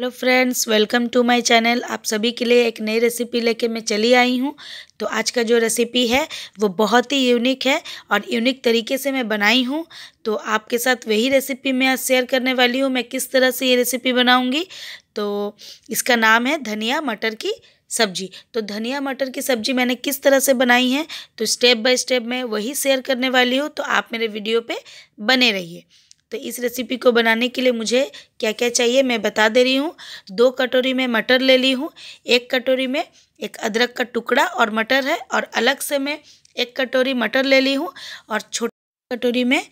hello friends welcome to my channel आप सभी के लिए एक नई रेसिपी लेके मैं चली आई हूँ तो आज का जो रेसिपी है वो बहुत ही यूनिक है और यूनिक तरीके से मैं बनाई हूँ तो आपके साथ वही रेसिपी मैं आज शेयर करने वाली हूँ मैं किस तरह से ये रेसिपी बनाऊँगी तो इसका नाम है धनिया मटर की सब्जी तो धनिया मटर की सब्जी मैंने किस तरह से बनाई है तो स्टेप बाय स्टेप मैं वही शेयर करने वाली हूँ तो आप मेरे वीडियो पर बने रहिए तो इस रेसिपी को बनाने के लिए मुझे क्या क्या चाहिए मैं बता दे रही हूँ दो कटोरी में मटर ले ली हूँ एक कटोरी में एक अदरक का टुकड़ा और मटर है और अलग से मैं एक कटोरी मटर ले ली हूँ और छोटी कटोरी में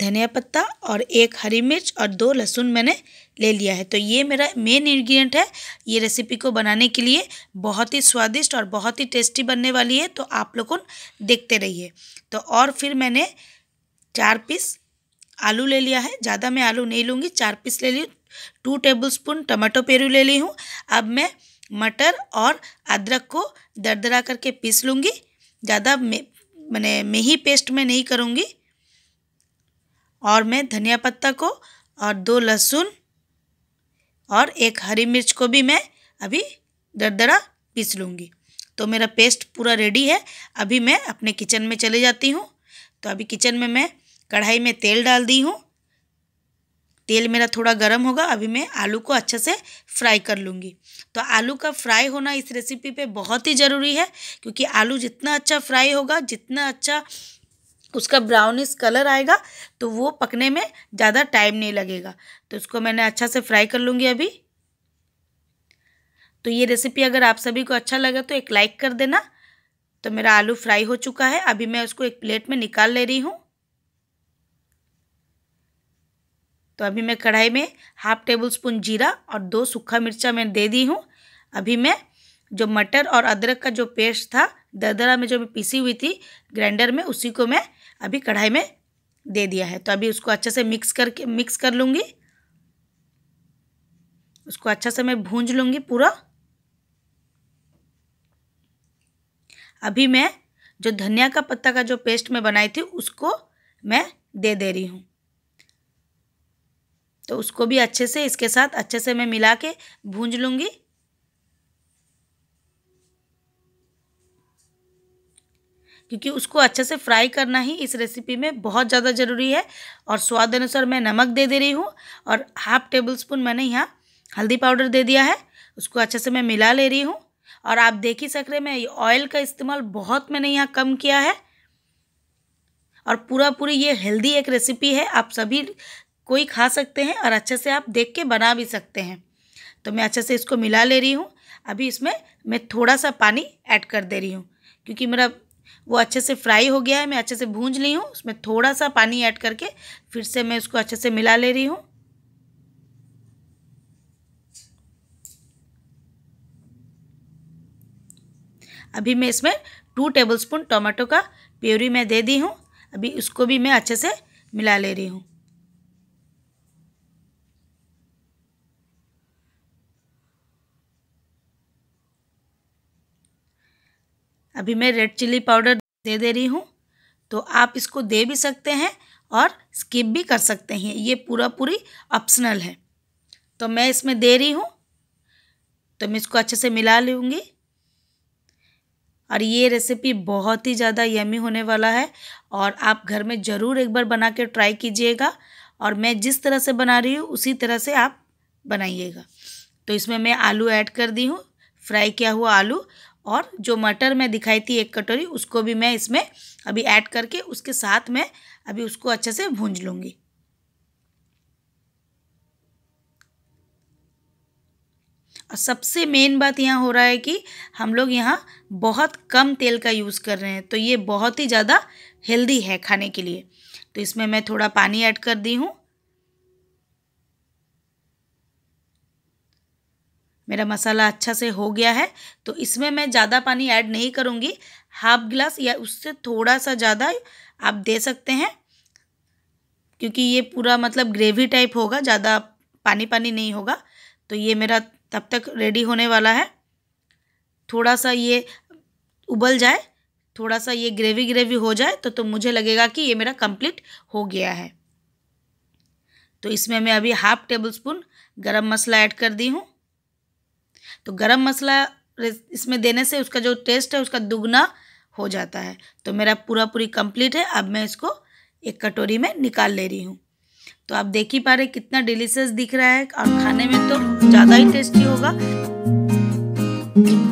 धनिया पत्ता और एक हरी मिर्च और दो लहसुन मैंने ले लिया है तो ये मेरा मेन इंग्रेडिएंट है ये रेसिपी को बनाने के लिए बहुत ही स्वादिष्ट और बहुत ही टेस्टी बनने वाली है तो आप लोगों देखते रहिए तो और फिर मैंने चार पीस आलू ले लिया है ज़्यादा मैं आलू नहीं लूँगी चार पीस ले ली two tablespoon tomato puree ले ली हूँ अब मैं मटर और अदरक को दरदरा करके पीस लूँगी ज़्यादा मैंने मेही पेस्ट में नहीं करूँगी और मैं धनिया पत्ता को और दो लहसुन और एक हरी मिर्च को भी मैं अभी दरदरा पीस लूँगी तो मेरा पेस्ट पूरा रेडी है अभी मैं अपने किचन में चले जाती हूँ तो अभी किचन में मैं कढ़ाई में तेल डाल दी हूँ तेल मेरा थोड़ा गर्म होगा अभी मैं आलू को अच्छे से फ्राई कर लूँगी तो आलू का फ्राई होना इस रेसिपी पे बहुत ही ज़रूरी है क्योंकि आलू जितना अच्छा फ्राई होगा जितना अच्छा उसका ब्राउनिश कलर आएगा तो वो पकने में ज़्यादा टाइम नहीं लगेगा तो इसको मैंने अच्छा से फ्राई कर लूँगी अभी तो ये रेसिपी अगर आप सभी को अच्छा लगा तो एक लाइक कर देना तो मेरा आलू फ्राई हो चुका है अभी मैं उसको एक प्लेट में निकाल ले रही हूँ तो अभी मैं कढ़ाई में हाफ़ टेबल स्पून जीरा और दो सूखा मिर्चा मैं दे दी हूँ अभी मैं जो मटर और अदरक का जो पेस्ट था दरदरा में जो भी पीसी हुई थी ग्राइंडर में उसी को मैं अभी कढ़ाई में दे दिया है तो अभी उसको अच्छे से मिक्स करके मिक्स कर लूँगी उसको अच्छा से मैं भूंज लूँगी पूरा अभी मैं जो धनिया का पत्ता का जो पेस्ट मैं बनाई थी उसको मैं दे दे रही हूँ तो उसको भी अच्छे से इसके साथ अच्छे से मैं मिला के भूंज लूँगी क्योंकि उसको अच्छे से फ्राई करना ही इस रेसिपी में बहुत ज़्यादा ज़रूरी है और स्वाद अनुसार मैं नमक दे दे रही हूँ और हाफ टेबल स्पून मैंने यहाँ हल्दी पाउडर दे दिया है उसको अच्छे से मैं मिला ले रही हूँ और आप देख ही सक रहे मैं ऑयल का इस्तेमाल बहुत मैंने यहाँ कम किया है और पूरा पूरी ये हेल्दी एक रेसिपी है आप सभी कोई खा सकते हैं और अच्छे से आप देख के बना भी सकते हैं तो मैं अच्छे से इसको मिला ले रही हूँ अभी इसमें मैं थोड़ा सा पानी ऐड कर दे रही हूँ क्योंकि मेरा वो अच्छे से फ्राई हो गया है मैं अच्छे से भूंज ली हूँ उसमें थोड़ा सा पानी ऐड करके फिर से मैं उसको अच्छे से मिला ले रही हूँ अभी मैं इसमें टू टेबलस्पून टमाटो का प्योरी मैं दे दी हूँ अभी उसको भी मैं अच्छे से मिला ले रही हूँ अभी मैं रेड चिल्ली पाउडर दे दे रही हूँ तो आप इसको दे भी सकते हैं और स्किप भी कर सकते हैं ये पूरा पूरी ऑप्शनल है तो मैं इसमें दे रही हूँ तो मैं इसको अच्छे से मिला लूँगी और ये रेसिपी बहुत ही ज़्यादा यमी होने वाला है और आप घर में ज़रूर एक बार बना के ट्राई कीजिएगा और मैं जिस तरह से बना रही हूँ उसी तरह से आप बनाइएगा तो इसमें मैं आलू ऐड कर दी हूँ फ्राई किया हुआ आलू और जो मटर में दिखाई थी एक कटोरी उसको भी मैं इसमें अभी ऐड करके उसके साथ में अभी उसको अच्छे से भूंज लूँगी और सबसे मेन बात यहाँ हो रहा है कि हम लोग यहाँ बहुत कम तेल का यूज़ कर रहे हैं तो ये बहुत ही ज़्यादा हेल्दी है खाने के लिए तो इसमें मैं थोड़ा पानी ऐड कर दी हूँ मेरा मसाला अच्छा से हो गया है तो इसमें मैं ज़्यादा पानी ऐड नहीं करूँगी हाफ गिलास या उससे थोड़ा सा ज़्यादा आप दे सकते हैं क्योंकि ये पूरा मतलब ग्रेवी टाइप होगा ज़्यादा पानी पानी नहीं होगा तो ये मेरा तब तक रेडी होने वाला है थोड़ा सा ये उबल जाए थोड़ा सा ये ग्रेवी ग्रेवी हो जाए तो तो मुझे लगेगा कि ये मेरा कंप्लीट हो गया है तो इसमें मैं अभी हाफ़ टेबल स्पून गर्म मसाला ऐड कर दी हूँ तो गरम मसाला इसमें देने से उसका जो टेस्ट है उसका दुगना हो जाता है तो मेरा पूरा पूरी कंप्लीट है अब मैं इसको एक कटोरी में निकाल ले रही हूँ तो आप देख ही पा रहे कितना डिलीशियस दिख रहा है और खाने में तो ज़्यादा ही टेस्टी होगा